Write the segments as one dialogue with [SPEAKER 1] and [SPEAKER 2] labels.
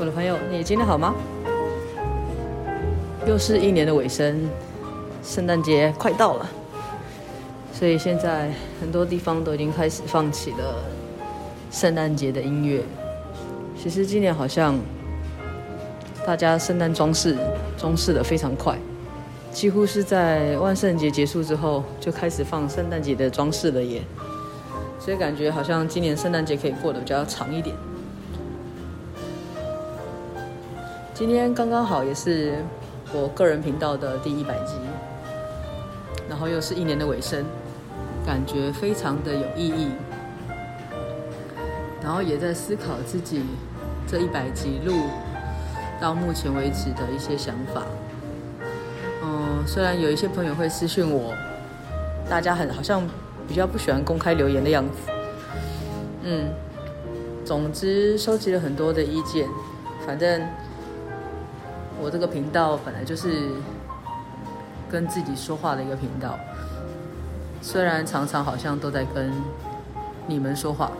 [SPEAKER 1] 我的朋友，你今天好嗎？又是一年的尾聲，聖誕節快到了，所以現在很多地方都已經開始放起了聖誕節的音樂。其實今年好像大家聖誕裝飾裝飾得非常快，幾乎是在萬聖節結束之後就開始放聖誕節的裝飾了耶。所以感覺好像今年聖誕節可以過得比較長一點。今天剛剛好也是我個人頻道的第一百集，然後又是一年的尾聲，感覺非常的有意義。然後也在思考自己這一百集錄到目前為止的一些想法。嗯，雖然有一些朋友會私訊我，大家很好像比較不喜歡公開留言的樣子。嗯，總之收集了很多的意見，反正。我這個頻道本來就是跟自己說話的一個頻道，雖然常常好像都在跟你們說話，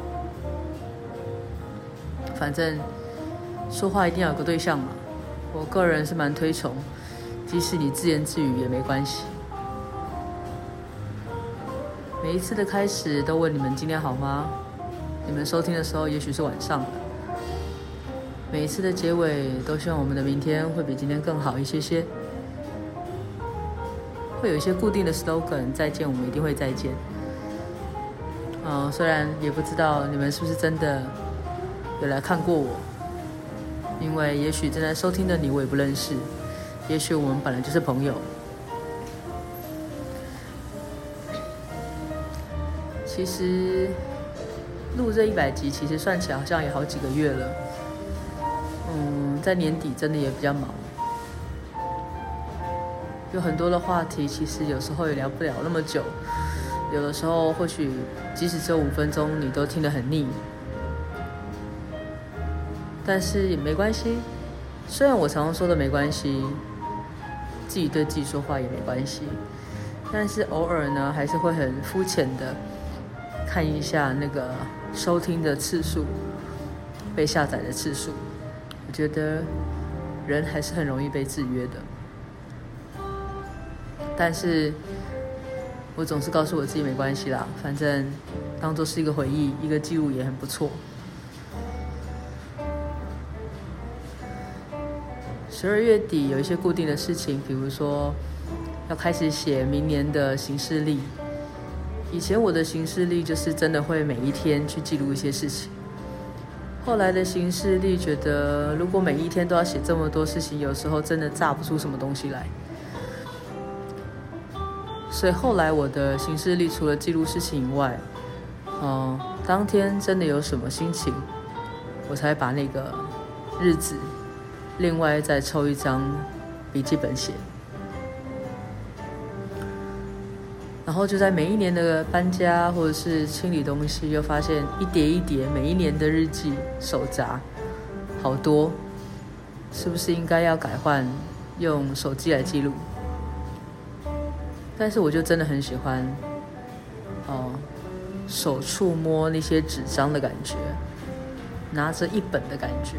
[SPEAKER 1] 反正說話一定要有個對象嘛。我個人是蠻推崇，即使你自言自語也沒關係。每一次的開始都問你們今天好嗎？你們收聽的時候也許是晚上的。每一次的結尾，都希望我們的明天會比今天更好一些些。會有一些固定的 slogan，再見，我們一定會再見。嗯，雖然也不知道你們是不是真的有來看過我，因為也許正在收聽的你，我也不認識。也許我們本來就是朋友。其實錄這一百集，其實算起來好像也好幾個月了。在年底真的也比較忙，有很多的話題，其實有時候也聊不了那麼久。有的時候，或許即使只有五分鐘，你都聽得很膩。但是也沒關係，雖然我常常說的沒關係，自己對自己說話也沒關係。但是偶爾呢，還是會很膚淺的看一下那個收聽的次數，被下載的次數。我覺得人還是很容易被制約的，但是我總是告訴我自己沒關係啦，反正當做是一個回憶，一個記錄也很不錯。十二月底有一些固定的事情，比如說要開始寫明年的行事曆。以前我的行事曆就是真的會每一天去記錄一些事情。後來的行事曆覺得，如果每一天都要寫這麼多事情，有時候真的榨不出什麼東西來。所以後來我的行事曆除了記錄事情以外，哦、呃，當天真的有什麼心情，我才把那個日子另外再抽一張筆記本寫。然後就在每一年的搬家或者是清理東西，又發現一疊一疊每一年的日記手札，好多，是不是應該要改換用手機來記錄？但是我就真的很喜歡，哦，手觸摸那些紙張的感覺，拿着一本的感覺，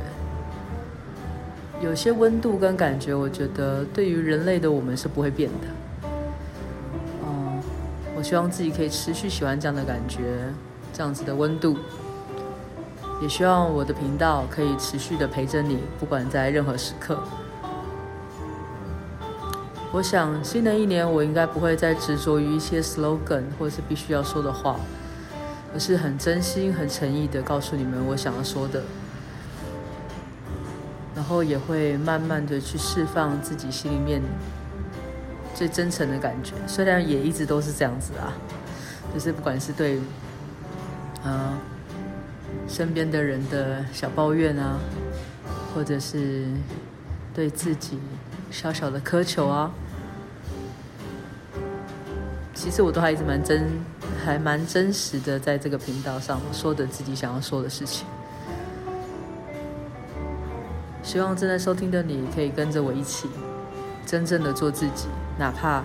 [SPEAKER 1] 有些溫度跟感覺，我覺得對於人類的我們是不會變的。我希望自己可以持續喜歡這樣的感覺，這樣子的溫度。也希望我的頻道可以持續的陪着你，不管在任何時刻。我想新的一年我應該不會再執着於一些 slogan 或者是必須要說的話，而是很真心、很誠意的告訴你們我想要說的。然後也會慢慢的去釋放自己心裡面。最真誠的感覺，雖然也一直都是這樣子啊，就是不管是對，啊、呃，身邊的人的小抱怨啊，或者是對自己小小的苛求啊，其實我都還一直蠻真，還蠻真實的在這個頻道上說着自己想要說的事情。希望正在收聽的你可以跟着我一起，真正的做自己。哪怕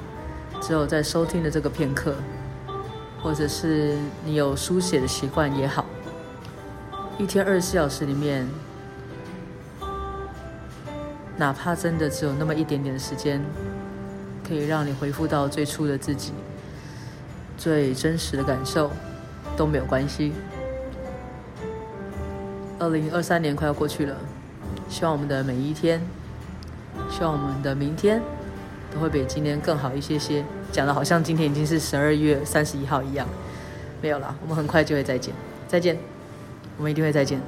[SPEAKER 1] 只有在收聽的這個片刻，或者是你有書寫的習慣也好，一天二十四小時裡面，哪怕真的只有那麼一點點的時間，可以讓你回復到最初的自己、最真實的感受，都沒有關係。二零二三年快要過去了，希望我們的每一天，希望我們的明天。都會比今天更好一些些，講得，好像今天已經是十二月三十一號一樣，沒有了，我們很快就會再見，再見，我們一定會再見。